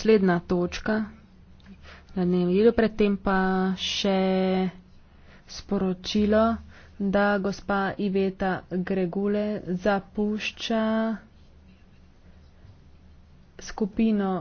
naslednja točka, na nevilu, predtem pa še sporočilo, da gospa Iveta Gregule zapušča skupino.